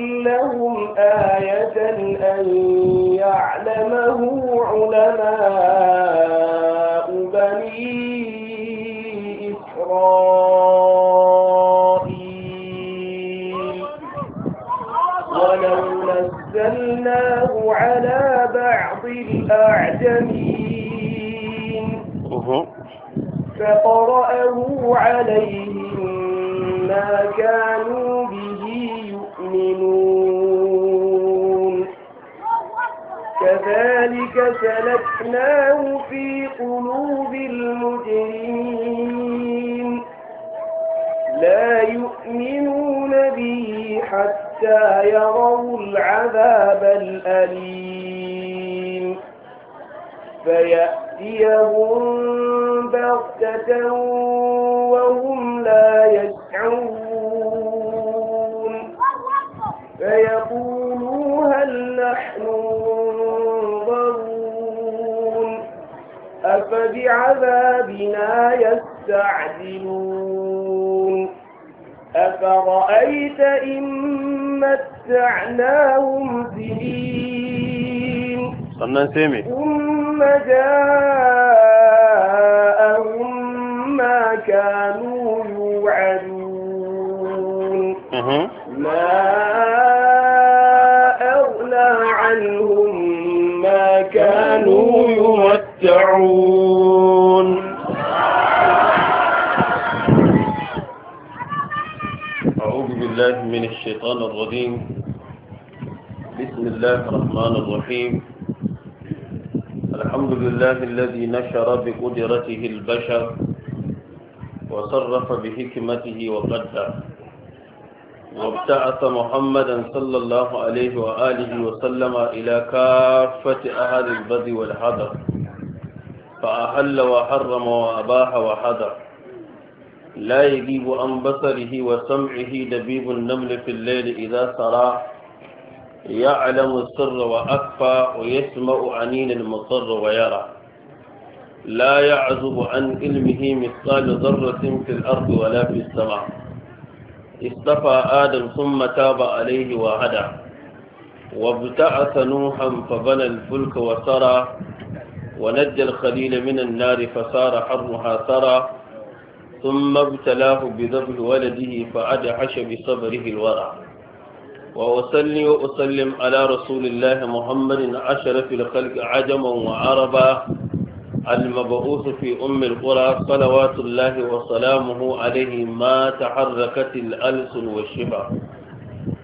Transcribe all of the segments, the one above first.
لهم آية أن يعلمه علماء بني إسرائيل ولو نزلناه على بعض الأعجمين فقرأه عليهم ما كانوا به المؤمنون كذلك سلكناه في قلوب المجرمين لا يؤمنون به حتى يروا العذاب الأليم فيأتيهم بغتة وهم لا يجرمون فيقولوا هل نحن منظرون أفبعذابنا يستعجلون أفرأيت إن متعناهم سنين ثم جاءهم ما كانوا يوعدون ما يتمتعون أعوذ بالله من الشيطان الرجيم بسم الله الرحمن الرحيم الحمد لله الذي نشر بقدرته البشر وصرف بحكمته وقدر وابتعث محمدا صلى الله عليه وآله وسلم إلى كافة أهل البذ والحضر فأحل وحرم وأباح وحذر لا يجيب عن بصره وسمعه دبيب النمل في الليل إذا سرى يعلم السر وأكفى ويسمع عنين المصر ويرى لا يعزب عن علمه مثقال ذرة في الأرض ولا في السماء اصطفى آدم ثم تاب عليه وهدى وابتعث نوحا فبنى الفلك وسرى ونجى الخليل من النار فصار حرها ثرى ثم ابتلاه بذبل ولده فأدعش بصبره الورع وأصلي وأسلم على رسول الله محمد أشرف الخلق عجما وعربا المبعوث في أم القرى صلوات الله وسلامه عليه ما تحركت الألسن والشفا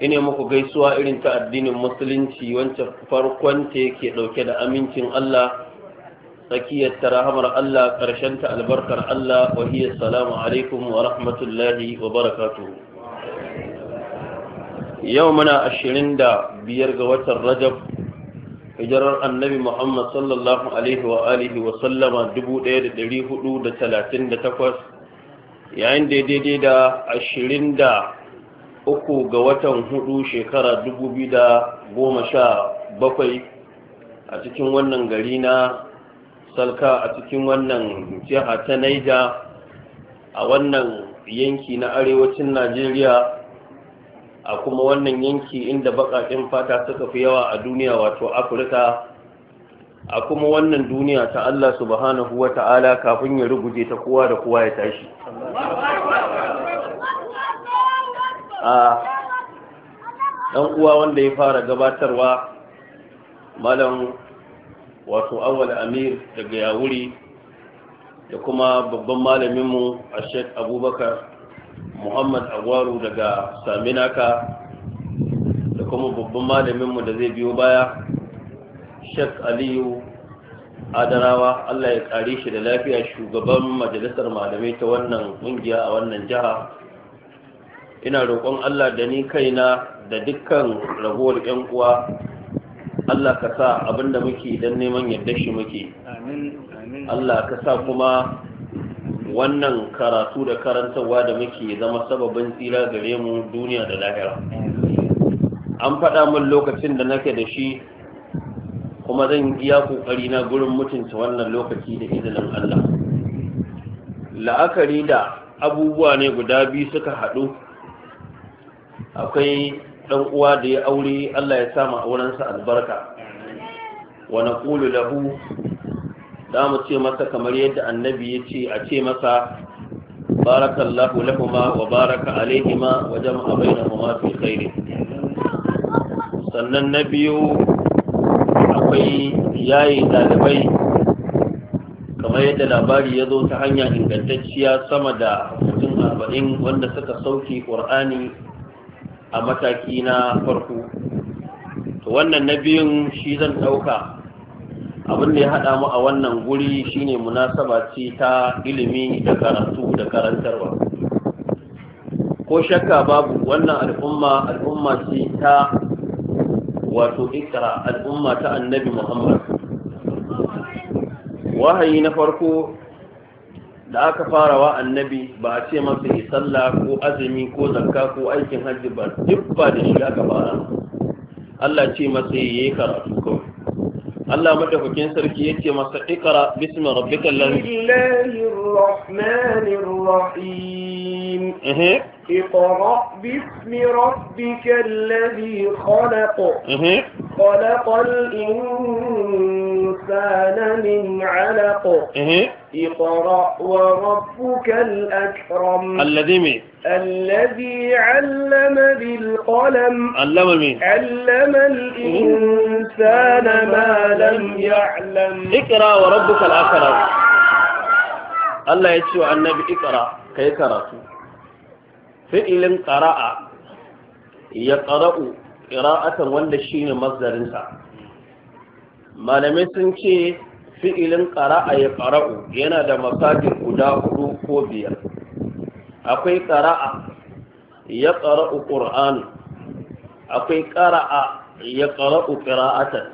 ina muku gaisuwa irin ta addinin musulunci wancan farkon ta yake dauke da amincin Allah tsakiyar ta rahamar Allah ƙarshen ta albarkar Allah wa hiya salamu alaikum wa rahmatullahi wa barakatu. yau muna ashirin da biyar ga watan rajab hijirar annabi muhammad sallallahu alaihi wa alihi wa sallama dubu ɗaya da ɗari hudu da talatin da takwas yayin daidai da ashirin da uku ga watan hudu shekara goma sha bakwai a cikin wannan gari na salka a cikin wannan jiha ta naija a wannan yanki na arewacin najeriya a kuma wannan yanki inda bakakin fata suka fi yawa a duniya wato afirka a kuma wannan duniya ta allah subhanahu wa ta'ala kafin ya ruguje ta kowa da kowa ya tashi a ɗan uwa wanda ya fara gabatarwa malam wato awal amir daga yawuri da kuma babban malaminmu a sheik abubakar muhammad agwaru daga saminaka da kuma babban malaminmu da zai biyo baya sheik aliyu adarawa allah ya kare shi da lafiya shugaban majalisar malamai ta wannan ƙungiya a wannan jiha ina roƙon Allah da ni kaina da dukkan ragowar ƴan uwa Allah ka sa abinda muke dan neman yadda shi muke Allah ka sa kuma wannan karatu da karantarwa da muke zama sababin tsira gare mu duniya da lahira an faɗa min lokacin da nake da shi kuma zan iya ƙoƙari na gurin mutunta wannan lokaci da izinin Allah la'akari da abubuwa ne guda biyu suka haɗu akwai dan uwa da ya aure Allah ya sa ma aurensa albarka wa naqulu lahu da mu ce masa kamar yadda annabi ya ce a ce masa barakallahu lahuma wa baraka alaihima wa jama'a bainahuma fi khairi sannan na biyu akwai yayi dalibai kamar yadda labari ya zo ta hanya ingantacciya sama da mutum arba'in wanda suka sauki ƙur'ani a mataki na farko to wannan na biyun shi zan ɗauka abin da ya haɗa mu a wannan guri shine munasaba ce ta ilimi da karatu da karantarwa ko shakka babu wannan al'umma al'umma ce ta wato ikra al'umma ta annabi muhammad wahayi na farko da aka farawa annabi ba a ce masa yi sallah ko azumi ko zakka ko aikin hajji ba duk ba da shi aka fara Allah ce masa yi yi karatu kawai Allah madaukakin sarki yake masa ikra bismi rabbikal ladhi Bismillahir rahmanir rahim eh اقرأ باسم ربك الذي خلق خلق الإنسان كان من علق إيه. اقرأ وربك الأكرم الذي مين الذي علم بالقلم علم مين علم الإنسان ما لم يعلم اقرأ وربك الأكرم الله يتشوى النبي اقرأ كي كرسو فعل قرأ يقرأ قراءة ولا شيء مصدر انسان malamai sun ce fi'ilin ƙara'a ya ƙara'u yana da masajin guda hudu ko biyar akwai ƙara'a ya ƙara'u ƙur'anu akwai ƙara'a ya ƙara'u ƙira'atan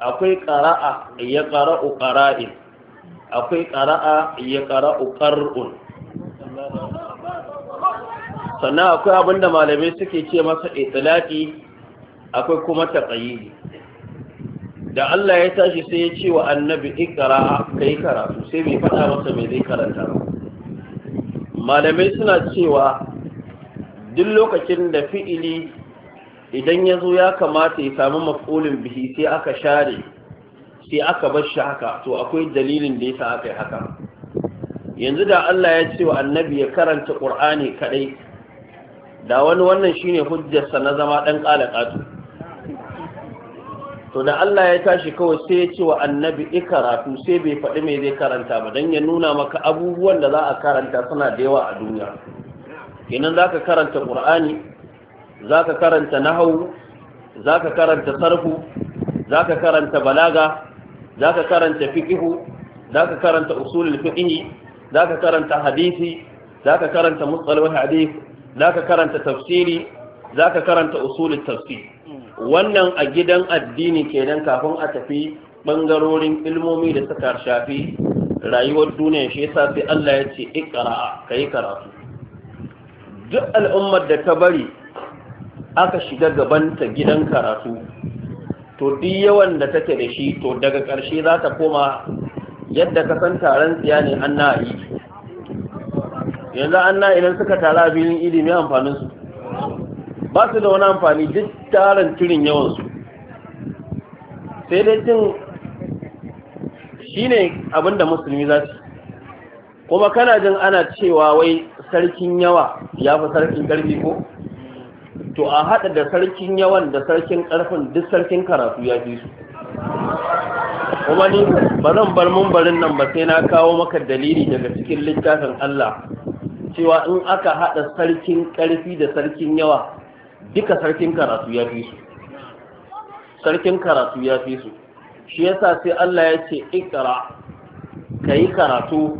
akwai ƙara'a ya ƙara'u ƙara'in akwai ƙara'a ya ƙara'u ƙar'un sannan akwai abinda malamai suke ce masa itilaki akwai kuma taƙayyidi da Allah ya tashi sai ya ce wa annabi ikara ka yi karatu sai bai faɗa masa mai zai karanta malamai suna cewa duk lokacin da fi'ili idan ya zo ya kamata ya samu maf'ulin bihi sai aka share sai aka bar shi haka to akwai dalilin da yasa aka yi haka yanzu da Allah ya ce wa annabi ya karanta Qur'ani kaɗai, da wani wannan shine hujjarsa na zama dan kalakatu to da Allah ya tashi kawai sai ya ce wa annabi ikaratu sai bai faɗi mai zai karanta ba don ya nuna maka abubuwan da za a karanta suna da yawa a duniya kenan za ka karanta ƙur'ani za ka karanta nahawu za ka karanta sarfu za ka karanta balaga za ka karanta fiƙihu za ka karanta usulul fiƙihi za ka karanta hadisi za ka karanta mustalahul hadith za ka karanta tafsiri za ka karanta usulul tafsir wannan a gidan addini kenan kafin a tafi bangarorin ilmomi da suka shafi rayuwar duniya shi yasa sai Allah ya ce ka kai karatu duk al'ummar da ta bari aka shiga gaban ta gidan karatu to duk yawan da take da shi to daga ƙarshe za ta koma yadda ka san taron tsiya ne an na yi yanzu an na idan suka tara filin ilimi amfaninsu ba su da wani amfani duk tarin turin yawansu sai dai tun shi ne abinda musulmi za su kuma kana jin ana cewa wai sarkin yawa ya fi sarkin ƙarfi ko to a haɗa da sarkin yawan da sarkin ƙarfin duk sarkin karatu ya fi su kuma ni ba zan bar mumbarin nan ba sai na kawo maka dalili daga cikin littafin Allah cewa in aka haɗa sarkin ƙarfi da sarkin yawa duka sarkin karatu ya fi su sarkin karatu ya fi su shi yasa sai Allah ya ce ikra kai karatu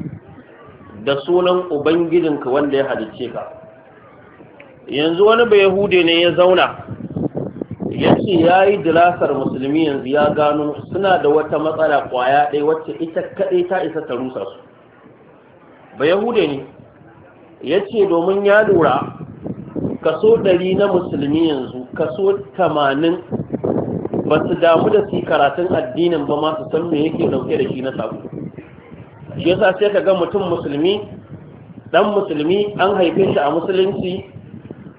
da sunan ubangijinka wanda ya halicce ka yanzu wani bai yahude ne ya zauna ya ce ya yi dilasar musulmi yanzu ya gano suna da wata matsala kwaya ɗaya wacce ita kaɗai ta isa ta rusa su ba yahude ne ya ce domin ya lura kaso ɗari na musulmi yanzu kaso tamanin ba su damu da su karatun addinin ba masu san me yake dauke da shi na sabu shi yasa sai ka ga mutum musulmi dan musulmi an haife shi a musulunci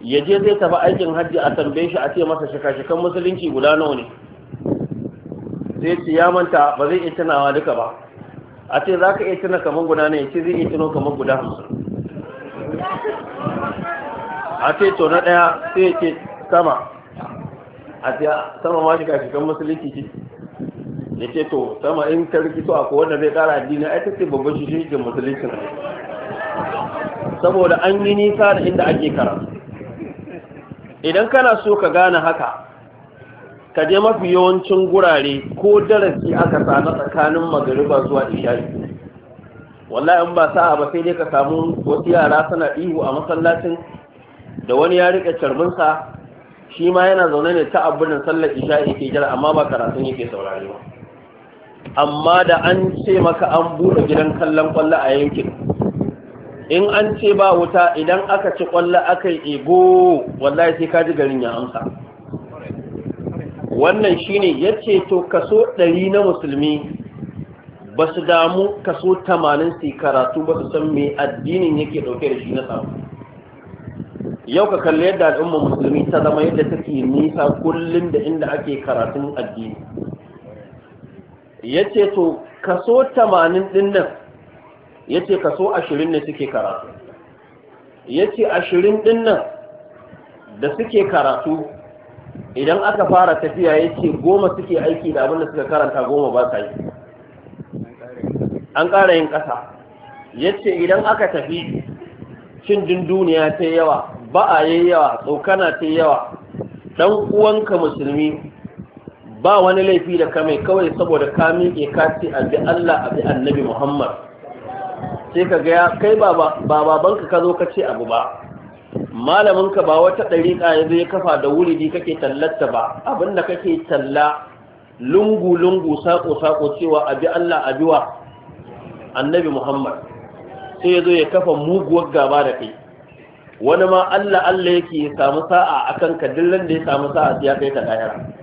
ya je zai tafi aikin hajji a tambaye shi a ce masa shika-shikan musulunci guda nawa ne sai ce ya manta ba zai iya tunawa duka ba a ce za ka iya tuna kamar guda ne ya ce zai iya tuno kamar guda hamsin a to na ɗaya sai ce sama a ce sama ma shi kashikan musulunci ce da ce to sama in ta rikito a kowa zai ƙara addini ai ta ce babban shi shi musulunci ne saboda an yi nisa da inda ake kara idan kana so ka gane haka ka je mafi yawancin gurare ko darasi aka sa na tsakanin magariba zuwa iyali. wallahi in ba sa'a ba sai dai ka samu wasu yara suna ihu a masallacin da wani ya rike carbinsa shi ma yana zaune ne ta abin sallar isha yake jira amma ba karatun yake saurari ba amma da an ce maka an buɗe gidan kallon kwallo a yankin in an ce ba wuta idan aka ci kwallo aka yi ego wallahi sai ka ji garin ya amsa wannan shine yace to kaso ɗari na musulmi ba su damu kaso tamanin su karatu ba su san me addinin yake ɗauke da shi na samu yau ka kalli yadda al'ummar musulmi ta zama yadda take nisa kullum da inda ake karatun addini ya ce to kaso tamanin dinnan nan ya ce kaso ashirin ne suke karatu ya ce ashirin dinnan nan da suke karatu idan aka fara tafiya ya ce goma suke aiki da abin da suka karanta goma ba sa yi an ƙara yin ƙasa ya ce idan aka tafi cin duniya ta yawa Ba a yi yawa tsokana ta yawa Ɗan uwanka musulmi ba wani laifi da ka mai kawai saboda ka miƙe ka a bi Allah a bi annabi Muhammad sai ka gaya kai ba babanka ka zo ka ce abu ba malaminka ba wata ɗari ya zai kafa da wuri ne kake tallata ba abinda kake talla lungu lungu sako sako cewa a bi Allah a wa annabi Muhammad sai ya zo ya kafa muguwar gaba da kai wani ma Allah Allah yake ya samu sa'a akan ka dillan da ya samu sa'a ya kai ta lahira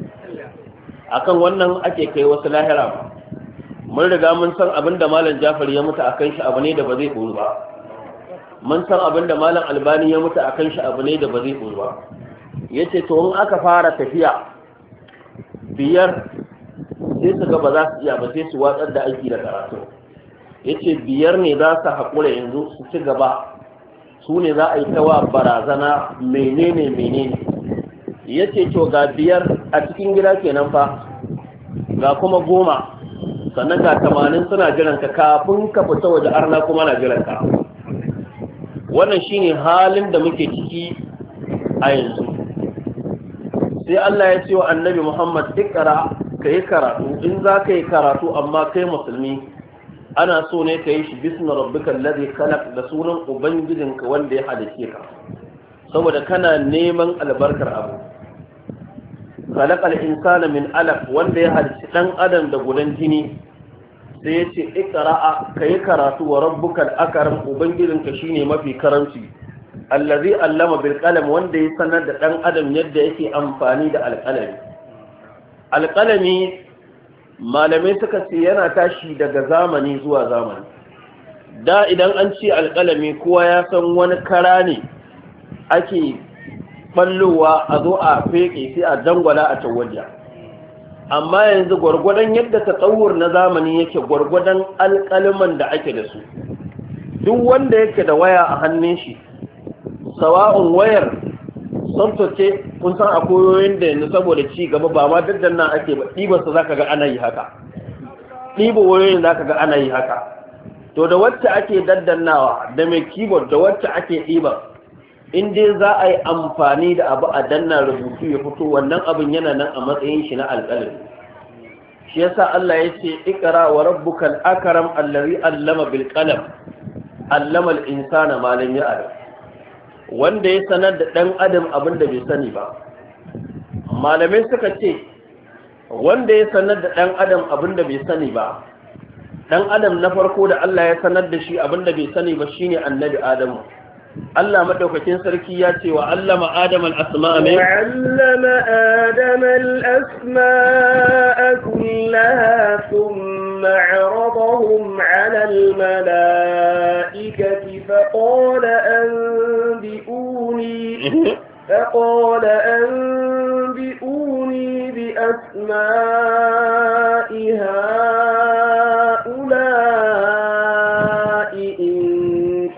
akan wannan ake kai wasu lahira mun riga mun san abin da malam Jafar ya mutu akan shi abu ne da ba zai koru ba mun san abin da malam Albani ya mutu akan shi abu ne da ba zai koru ba yace to in aka fara tafiya biyar sai su ga ba za su iya ba sai su watsar da aiki da karatu yace biyar ne za su haƙura yanzu su ci gaba su ne za a yi tawa barazana menene menene ya ce to ga biyar a cikin gida kenan fa ga kuma goma sannan ga tamanin suna jiranka kafin ka fita waje arna kuma na jiranka wannan shine halin da muke ciki a yanzu sai Allah ya ce wa annabi Muhammad kara ka yi karatu in za ka yi karatu amma kai musulmi ana so ne ka yi shi bismi rabbika alladhi khalaq da sunan ubangijinka wanda ya halice ka saboda kana neman albarkar abu khalaq al-insana min alaq wanda ya halice dan adam da gudan jini sai ya ce ka kai karatu wa rabbukal akram ubangijinka shine mafi karamci allazi allama bil qalam wanda ya sanar da dan adam yadda yake amfani da alqalami alqalami malamai suka ce yana tashi daga zamani zuwa zamani da idan an ce alƙalami kowa ya san wani kara ne ake ɓallowa a zo a feƙe sai a dangwala a tawajiya amma yanzu gwargwadon yadda tsawur na zamani yake gwargwadon alƙaliman da ake da su duk wanda yake da waya a hannun shi sawa'un wayar tsaftace kun san a koyoyin da yanzu saboda ci gaba ba ma daddan nan ake ba ɗibarsa za ka ga ana yi haka ɗiba wayoyin ka ga ana yi haka to da wacce ake daddannawa da mai keyboard da wacce ake ɗiban in dai za a yi amfani da abu a danna rubutu ya fito wannan abin yana nan a matsayin shi na alƙalami shi yasa Allah ya ce ikra wa rabbukal akram allazi allama bil qalam allama al insana ma lam ya'lam wanda ya sanar da ɗan adam abin da bai sani ba malamai suka ce wanda ya sanar da ɗan adam abin da bai sani ba ɗan adam na farko da Allah ya sanar da shi abin da bai sani ba shine annabi adamu Allah madaukakin sarki ya ce wa allama adam al-asma'a min allama adam al-asma'a kullaha thumma 'aradahum 'ala al-mala'ikati fa qala an قومي فقال أنبئوني بأسماء هؤلاء إن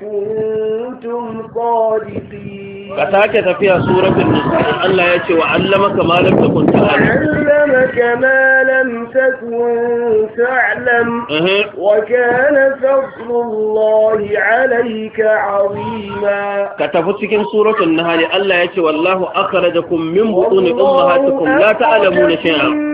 كنتم صادقين. فتاكت فيها سورة النساء الله يأتي وعلمك ما لم تكن تعلم. كما لم تكن تعلم وكان فضل الله عليك عظيما كتبت كتفتك سورة النهار الله يتي والله أخرجكم من بطون أمهاتكم لا تعلمون شيئا